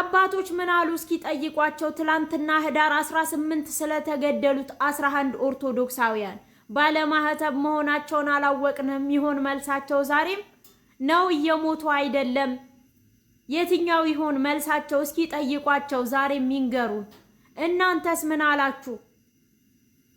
አባቶች ምን አሉ እስኪ ጠይቋቸው። ትላንትና ህዳር 18 ስለተገደሉት 11 ኦርቶዶክሳውያን ባለማህተብ መሆናቸውን አላወቅንም ይሆን መልሳቸው? ዛሬም ነው እየሞቱ አይደለም? የትኛው ይሆን መልሳቸው? እስኪ ጠይቋቸው፣ ዛሬም ይንገሩን። እናንተስ ምን አላችሁ?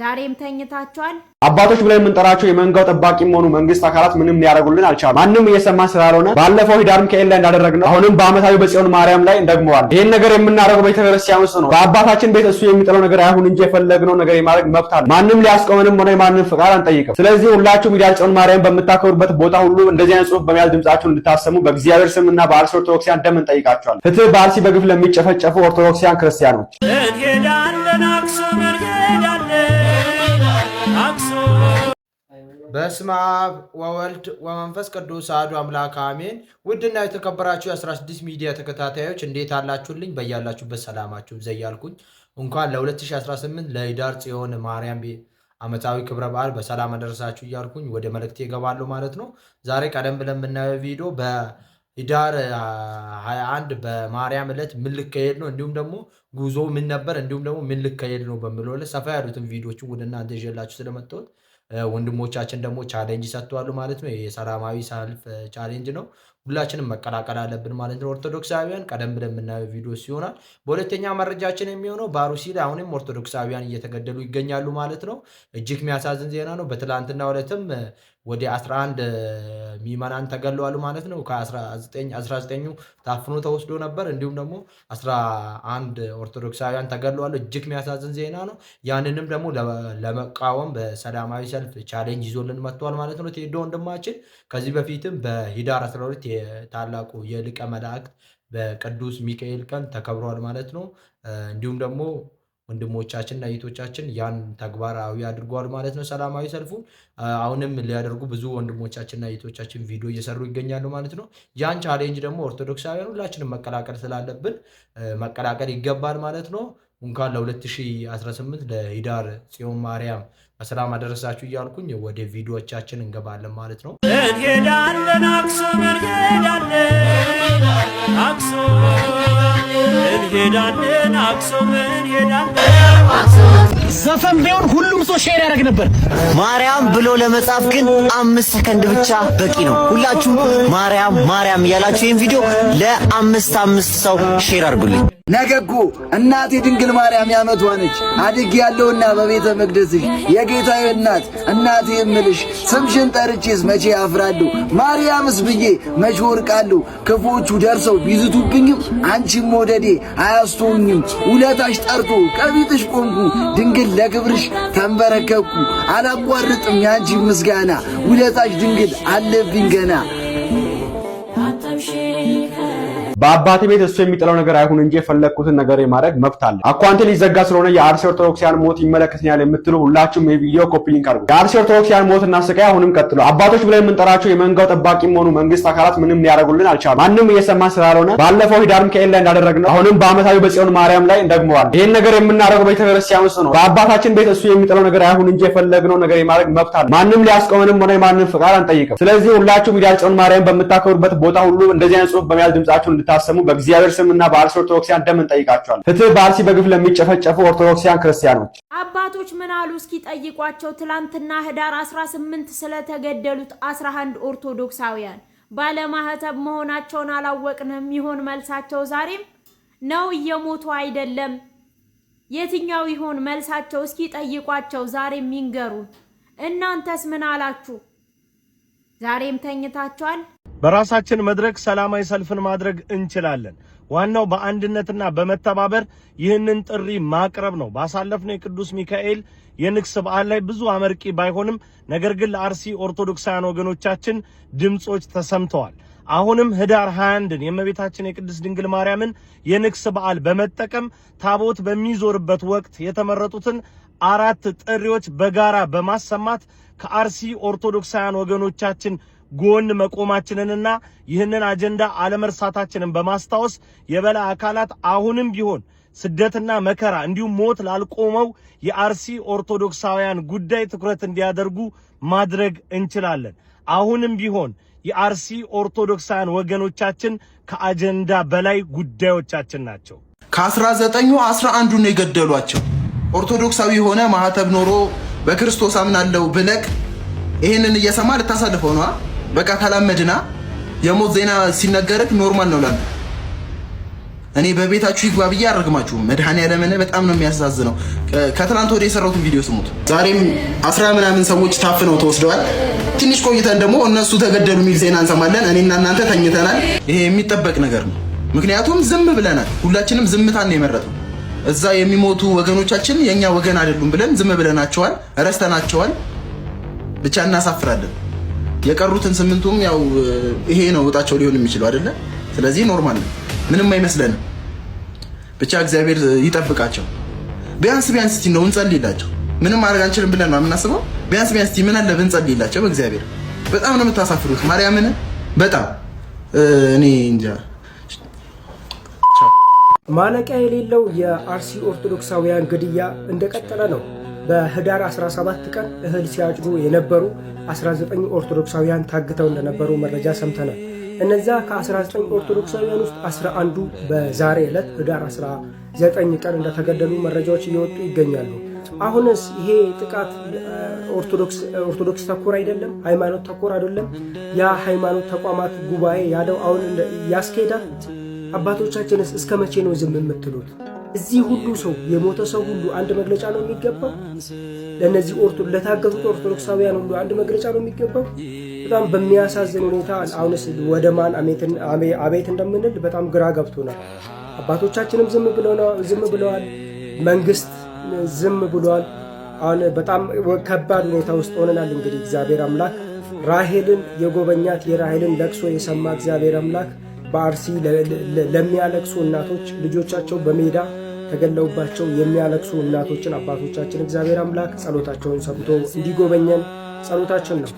ዛሬም ተኝታችኋል። አባቶች ብለን የምንጠራቸው የመንጋው ጠባቂ መሆኑ መንግስት አካላት ምንም ሊያደርጉልን አልቻሉ። ማንም እየሰማን ስላልሆነ ባለፈው ህዳር ከኤል ላይ እንዳደረግነው አሁንም በአመታዊ በጽዮን ማርያም ላይ እንደግመዋል። ይህን ነገር የምናደርገው ቤተክርስቲያን ውስጥ ነው። በአባታችን ቤት እሱ የሚጥለው ነገር አይሁን እንጂ የፈለግነው ነገር የማድረግ መብት አለ። ማንም ሊያስቆመንም ሆነ የማንም ፍቃድ አንጠይቅም። ስለዚህ ሁላችሁም ህዳር ጽዮን ማርያም በምታከብሩበት ቦታ ሁሉ እንደዚህ አይነት ጽሁፍ በመያዝ ድምጻችሁን እንድታሰሙ በእግዚአብሔር ስም እና በአርሲ ኦርቶዶክሲያን ደም እንጠይቃቸዋለን። ፍትህ በአርሲ በግፍ ለሚጨፈጨፉ ኦርቶዶክሲያን ክርስቲያኖች በስመ አብ ወወልድ ወመንፈስ ቅዱስ አሐዱ አምላክ አሜን። ውድና የተከበራችሁ የ16 ሚዲያ ተከታታዮች እንዴት አላችሁልኝ? በያላችሁበት ሰላማችሁ ዘያልኩኝ እንኳን ለ2018 ለኅዳር ጽዮን ማርያም ዓመታዊ ክብረ በዓል በሰላም አደረሳችሁ እያልኩኝ ወደ መልእክት ይገባሉ ማለት ነው። ዛሬ ቀደም ብለን የምናየው ቪዲዮ በኅዳር 21 በማርያም ዕለት ምን ልካሄድ ነው፣ እንዲሁም ደግሞ ጉዞ ምን ነበር፣ እንዲሁም ደግሞ ምን ልካሄድ ነው በሚለው ሰፋ ያሉትን ቪዲዮችን ወደ እናንተ ይዤላችሁ ስለመጣሁት ወንድሞቻችን ደግሞ ቻሌንጅ ሰጥተዋል ማለት ነው። የሰላማዊ ሰልፍ ቻሌንጅ ነው። ሁላችንም መቀላቀል አለብን ማለት ነው። ኦርቶዶክሳዊያን ቀደም ብለን የምናየው ቪዲዮ ሲሆናል። በሁለተኛ መረጃችን የሚሆነው ባሩሲ ላይ አሁንም ኦርቶዶክሳውያን እየተገደሉ ይገኛሉ ማለት ነው። እጅግ የሚያሳዝን ዜና ነው። በትላንትና ዕለትም ወደ 11 ሚመናን ተገለዋሉ ማለት ነው። ከ19ኙ ታፍኖ ተወስዶ ነበር። እንዲሁም ደግሞ 11 ኦርቶዶክሳውያን ተገለዋሉ። እጅግ የሚያሳዝን ዜና ነው። ያንንም ደግሞ ለመቃወም በሰላማዊ ሰልፍ ቻሌንጅ ይዞልን መጥቷል ማለት ነው። ቴዶ ወንድማችን ከዚህ በፊትም በሂዳር 12 የታላቁ የሊቀ መላእክት በቅዱስ ሚካኤል ቀን ተከብሯል ማለት ነው። እንዲሁም ደግሞ ወንድሞቻችንና እህቶቻችን ያን ተግባራዊ አድርጓል ማለት ነው። ሰላማዊ ሰልፉ አሁንም ሊያደርጉ ብዙ ወንድሞቻችንና እህቶቻችን ቪዲዮ እየሰሩ ይገኛሉ ማለት ነው። ያን ቻሌንጅ ደግሞ ኦርቶዶክሳውያን ሁላችንም መቀላቀል ስላለብን መቀላቀል ይገባል ማለት ነው። እንኳን ለ2018 ለሂዳር ጽዮን ማርያም በሰላም አደረሳችሁ እያልኩኝ ወደ ቪዲዮዎቻችን እንገባለን ማለት ነው። እንሄዳለን አክሱም እንሄዳለን አክሱም እንሄዳለን አክሱም እንሄዳለን ዘፈን ቢሆን ሁሉም ሰው ያደርግ ነበር። ማርያም ብሎ ለመጻፍ ግን አምስት ሰከንድ ብቻ በቂ ነው። ሁላችሁ ማርያም ማርያም እያላችሁ ይህን ቪዲዮ ለአምስት አምስት ሰው ሼር አድርጉልኝ። ነገጎ እናቴ ድንግል ማርያም ያመት ሆነች አድግ ያለውና በቤተ መቅደስሽ የጌታ እናት እናቴ የምልሽ ስምሽን ጠርቼስ መቼ ያፍራሉ ማርያምስ ብዬ መቼ ወርቃለሁ። ክፎቹ ደርሰው ቢዝቱብኝም አንቺም ወደዴ አያስቶኝም ውለታሽ ጠርቶ ቀቢጥሽ ቆምኩ ድንግል ለክብርሽ ተንበረከ አልተኩ አላቋርጥም ያንቺ ምስጋና ውለታሽ ድንግል አለብኝ ገና በአባቴ ቤት እሱ የሚጠላው ነገር አይሁን እንጂ የፈለግኩትን ነገር የማድረግ መብት አለ። አኳንቴ ሊዘጋ ስለሆነ የአርሲ ኦርቶዶክሲያን ሞት ይመለከተኛል የምትሉ ሁላችሁም ይህ ቪዲዮ ኮፒ ሊንክ አድርጉ። የአርሲ ኦርቶዶክሲያን ሞትና ስቃይ አሁንም ቀጥሎ አባቶች ብለን የምንጠራቸው የመንጋው ጠባቂ መሆኑ መንግስት አካላት ምንም ሊያደርጉልን አልቻሉ ማንም እየሰማን ስላልሆነ ባለፈው ሂዳር ሚካኤል ላይ እንዳደረግነው አሁንም በአመታዊ በጽዮን ማርያም ላይ እንደግመዋል። ይህን ነገር የምናደርገው ቤተክርስቲያን ውስጥ ነው። በአባታችን ቤት እሱ የሚጠላው ነገር አይሁን እንጂ የፈለግነው ነገር የማድረግ መብት አለ። ማንም ሊያስቆመንም ሆነ ማንም ፍቃድ አንጠይቅም። ስለዚህ ሁላችሁም ሂዳር ጽዮን ማርያም በምታከብሩበት ቦታ ሁሉ እንደዚህ አይነት ጽሁፍ በመያዝ ድምጻችሁን እንድታሰሙ በእግዚአብሔር ስም እና በአርሲ ኦርቶዶክሲያን ደም እንጠይቃቸዋለን። ፍትህ በአርሲ በግፍ ለሚጨፈጨፉ ኦርቶዶክሲያን ክርስቲያኖች። አባቶች ምን አሉ እስኪ ጠይቋቸው። ትላንትና ህዳር 18 ስለተገደሉት 11 ኦርቶዶክሳውያን ባለማህተብ መሆናቸውን አላወቅንም ይሆን መልሳቸው? ዛሬም ነው እየሞቱ አይደለም። የትኛው ይሆን መልሳቸው? እስኪ ጠይቋቸው። ዛሬም ይንገሩን። እናንተስ ምን አላችሁ? ዛሬም ተኝታችኋል? በራሳችን መድረክ ሰላማዊ ሰልፍን ማድረግ እንችላለን። ዋናው በአንድነትና በመተባበር ይህንን ጥሪ ማቅረብ ነው። ባሳለፍነው የቅዱስ ሚካኤል የንግስ በዓል ላይ ብዙ አመርቂ ባይሆንም ነገር ግን ለአርሲ ኦርቶዶክሳውያን ወገኖቻችን ድምፆች ተሰምተዋል። አሁንም ህዳር 21ን የእመቤታችን የቅድስት ድንግል ማርያምን የንግስ በዓል በመጠቀም ታቦት በሚዞርበት ወቅት የተመረጡትን አራት ጥሪዎች በጋራ በማሰማት ከአርሲ ኦርቶዶክሳውያን ወገኖቻችን ጎን መቆማችንንና ይህንን አጀንዳ አለመርሳታችንን በማስታወስ የበላይ አካላት አሁንም ቢሆን ስደትና መከራ እንዲሁም ሞት ላልቆመው የአርሲ ኦርቶዶክሳውያን ጉዳይ ትኩረት እንዲያደርጉ ማድረግ እንችላለን። አሁንም ቢሆን የአርሲ ኦርቶዶክሳውያን ወገኖቻችን ከአጀንዳ በላይ ጉዳዮቻችን ናቸው። ከአስራ ዘጠኙ አስራ አንዱን የገደሏቸው ኦርቶዶክሳዊ የሆነ ማህተብ ኖሮ በክርስቶስ አምናለው ብለቅ ይህንን እየሰማ ልታሳልፈው ነዋ። በቃ ተላመድና የሞት ዜና ሲነገርክ ኖርማል ነው ላሉ እኔ በቤታችሁ ይግባ ብዬ አረግማችሁ ያለመነ በጣም ነው የሚያሳዝነው። ከትናንት ወደ የሰራሁትን ቪዲዮ ስሙት። ዛሬም አስራ ምናምን ሰዎች ታፍነው ተወስደዋል። ትንሽ ቆይተን ደግሞ እነሱ ተገደሉ የሚል ዜና እንሰማለን። እኔና እናንተ ተኝተናል። ይሄ የሚጠበቅ ነገር ነው። ምክንያቱም ዝም ብለናል። ሁላችንም ዝምታን ነው የመረጠው። እዛ የሚሞቱ ወገኖቻችን የእኛ ወገን አይደሉም ብለን ዝም ብለናቸዋል፣ ረስተናቸዋል። ብቻ እናሳፍራለን። የቀሩትን ስምንቱም ያው ይሄ ነው ወጣቸው ሊሆን የሚችለው አይደለ? ስለዚህ ኖርማል ነው፣ ምንም አይመስለንም። ብቻ እግዚአብሔር ይጠብቃቸው። ቢያንስ ቢያንስ እስቲ ነው እንጸልይላቸው። ምንም ማድረግ አንችልም ብለን ነው የምናስበው። ቢያንስ ቢያንስ እስቲ ምን አለ ብንጸልይላቸው። በእግዚአብሔር በጣም ነው የምታሳፍሩት። ማርያምን በጣም እኔ እንጃ። ማለቂያ የሌለው የአርሲ ኦርቶዶክሳውያን ግድያ እንደቀጠለ ነው። በህዳር 17 ቀን እህል ሲያጭዱ የነበሩ 19 ኦርቶዶክሳውያን ታግተው እንደነበሩ መረጃ ሰምተናል። እነዛ ከ19 ኦርቶዶክሳውያን ውስጥ 11ዱ በዛሬ ዕለት ህዳር 19 ቀን እንደተገደሉ መረጃዎች እየወጡ ይገኛሉ። አሁንስ ይሄ ጥቃት ኦርቶዶክስ ተኮር አይደለም፣ ሃይማኖት ተኮር አይደለም። ያ ሃይማኖት ተቋማት ጉባኤ ያለው አሁን ያስኬዳል። አባቶቻችንስ እስከ መቼ ነው ዝም የምትሉት? እዚህ ሁሉ ሰው የሞተ ሰው ሁሉ አንድ መግለጫ ነው የሚገባው። ለእነዚህ ኦርቶ ለታገቱት ኦርቶዶክሳውያን ሁሉ አንድ መግለጫ ነው የሚገባው። በጣም በሚያሳዝን ሁኔታ አሁንስ ወደ ማን አቤት እንደምንል በጣም ግራ ገብቶናል። አባቶቻችንም ዝም ብለዋል፣ መንግስት ዝም ብለዋል። አሁን በጣም ከባድ ሁኔታ ውስጥ ሆነናል። እንግዲህ እግዚአብሔር አምላክ ራሄልን የጎበኛት የራሄልን ለቅሶ የሰማ እግዚአብሔር አምላክ በአርሲ ለሚያለቅሱ እናቶች ልጆቻቸው በሜዳ ተገለውባቸው የሚያለቅሱ እናቶችን አባቶቻችን እግዚአብሔር አምላክ ጸሎታቸውን ሰምቶ እንዲጎበኘን ጸሎታችን ነው።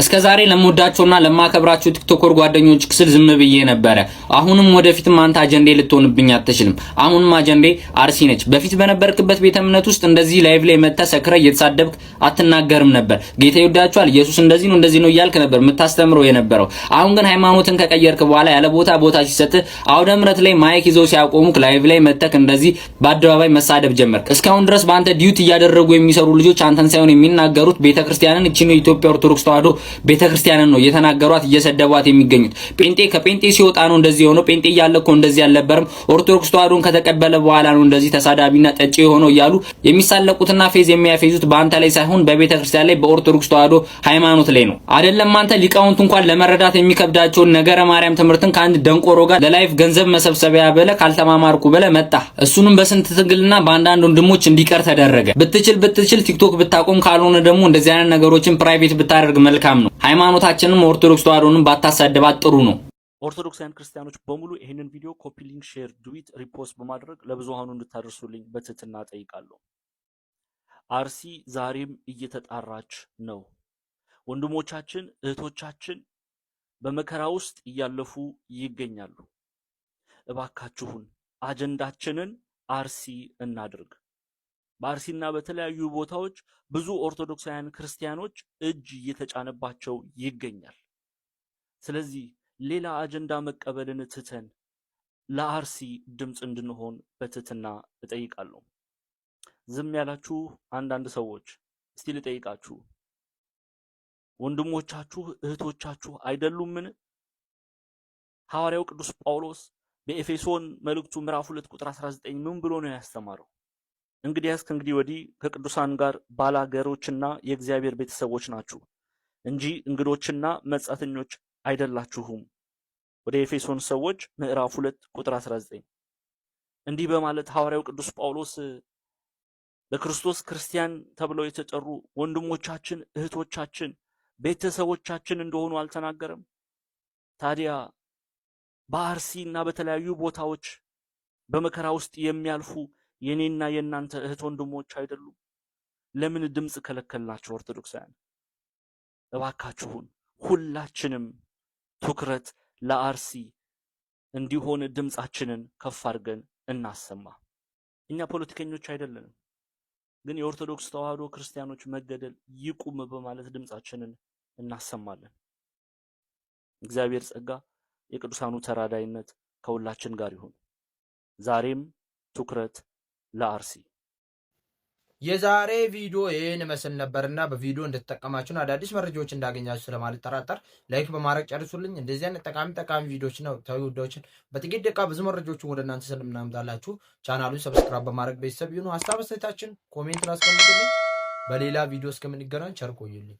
እስከ ዛሬ ለምወዳቸውና ለማከብራቸው ቲክቶከር ጓደኞች ክስል ዝም ብዬ ነበረ። አሁንም ወደፊትም አንተ አጀንዴ ልትሆንብኝ አትችልም። አሁንም አጀንዴ አርሲ ነች። በፊት በነበርክበት ቤተ እምነት ውስጥ እንደዚህ ላይቭ ላይ መጥተህ ሰክረህ እየተሳደብክ አትናገርም ነበር። ጌታ ይወዳቸዋል፣ ኢየሱስ እንደዚህ ነው እንደዚህ ነው እያልክ ነበር የምታስተምረው የነበረው። አሁን ግን ሃይማኖትን ከቀየርክ በኋላ ያለ ቦታ ቦታ ሲሰጥ አውደ ምረት ላይ ማይክ ይዘው ሲያቆሙክ ላይቭ ላይ መጥተህ እንደዚህ በአደባባይ መሳደብ ጀመርክ። እስካሁን ድረስ በአንተ ዲዩት እያደረጉ የሚሰሩ ልጆች አንተን ሳይሆን የሚናገሩት ቤተክርስቲያንን ነው ኢትዮጵያ ኦርቶዶክስ ተዋህዶ ቤተ ክርስቲያንን ነው እየተናገሯት እየሰደቧት የሚገኙት። ጴንጤ ከጴንጤ ሲወጣ ነው እንደዚህ የሆነው። ጴንጤ እያለ እኮ እንደዚህ አልነበረም። ኦርቶዶክስ ተዋህዶን ከተቀበለ በኋላ ነው እንደዚህ ተሳዳቢና ጠጪ የሆነው እያሉ የሚሳለቁትና ፌዝ የሚያፌዙት በአንተ ላይ ሳይሆን በቤተ ክርስቲያን ላይ በኦርቶዶክስ ተዋህዶ ሃይማኖት ላይ ነው። አይደለም አንተ ሊቃውንት እንኳን ለመረዳት የሚከብዳቸውን ነገረ ማርያም ትምህርትን ከአንድ ደንቆሮ ጋር ለላይፍ ገንዘብ መሰብሰቢያ ብለ ካልተማማርኩ ብለ መጣ። እሱንም በስንት ትግልና በአንዳንድ ወንድሞች እንዲቀር ተደረገ። ብትችል ብትችል ቲክቶክ ብታቆም ካልሆነ ደግሞ እንደዚህ አይነት ነገሮችን ፕራይቬት ብታደርግ መልካም መልካም ነው። ሃይማኖታችንም ኦርቶዶክስ ተዋሕዶንም ባታሳደባት ጥሩ ነው። ኦርቶዶክሳውያን ክርስቲያኖች በሙሉ ይህንን ቪዲዮ ኮፒ ሊንክ፣ ሼር፣ ዱዊት፣ ሪፖስት በማድረግ ለብዙሃኑ እንድታደርሱልኝ በትህትና ጠይቃለሁ። አርሲ ዛሬም እየተጣራች ነው። ወንድሞቻችን እህቶቻችን በመከራ ውስጥ እያለፉ ይገኛሉ። እባካችሁን አጀንዳችንን አርሲ እናድርግ። በአርሲና በተለያዩ ቦታዎች ብዙ ኦርቶዶክሳውያን ክርስቲያኖች እጅ እየተጫነባቸው ይገኛል። ስለዚህ ሌላ አጀንዳ መቀበልን ትተን ለአርሲ ድምፅ እንድንሆን በትህትና እጠይቃለሁ። ዝም ያላችሁ አንዳንድ ሰዎች እስቲ ልጠይቃችሁ፣ ወንድሞቻችሁ እህቶቻችሁ አይደሉምን? ሐዋርያው ቅዱስ ጳውሎስ በኤፌሶን መልእክቱ ምዕራፍ 2 ቁጥር 19 ምን ብሎ ነው ያስተማረው? እንግዲያስ ከእንግዲህ ወዲህ ከቅዱሳን ጋር ባላገሮችና የእግዚአብሔር ቤተሰቦች ናችሁ እንጂ እንግዶችና መጻተኞች አይደላችሁም። ወደ ኤፌሶን ሰዎች ምዕራፍ 2 ቁጥር 19 እንዲህ በማለት ሐዋርያው ቅዱስ ጳውሎስ በክርስቶስ ክርስቲያን ተብለው የተጠሩ ወንድሞቻችን፣ እህቶቻችን፣ ቤተሰቦቻችን እንደሆኑ አልተናገረም? ታዲያ በአርሲ እና በተለያዩ ቦታዎች በመከራ ውስጥ የሚያልፉ የኔና የእናንተ እህት ወንድሞች አይደሉም? ለምን ድምፅ ከለከልናቸው? ኦርቶዶክሳውያን እባካችሁን ሁላችንም ትኩረት ለአርሲ እንዲሆን ድምፃችንን ከፍ አድርገን እናሰማ። እኛ ፖለቲከኞች አይደለንም፣ ግን የኦርቶዶክስ ተዋህዶ ክርስቲያኖች መገደል ይቁም በማለት ድምፃችንን እናሰማለን። እግዚአብሔር ጸጋ የቅዱሳኑ ተራዳይነት ከሁላችን ጋር ይሁን። ዛሬም ትኩረት ለአርሲ የዛሬ ቪዲዮ ይህን መስል ነበርና በቪዲዮ እንደተጠቀማችሁን አዳዲስ መረጃዎች እንዳገኛችሁ ስለማልጠራጠር ላይክ በማድረግ ጨርሱልኝ። እንደዚህ አይነት ጠቃሚ ጠቃሚ ቪዲዮዎች ነው ጉዳዮችን በጥቂት ደቂቃ ብዙ መረጃዎችን ወደ እናንተ ስለምናምጣላችሁ ቻናሉን ሰብስክራይብ በማድረግ ቤተሰብ ይሁኑ። ሀሳብ አስተያየታችን ኮሜንትን አስቀምጡልኝ። በሌላ ቪዲዮ እስከምንገናኝ ቸር ቆዩልኝ።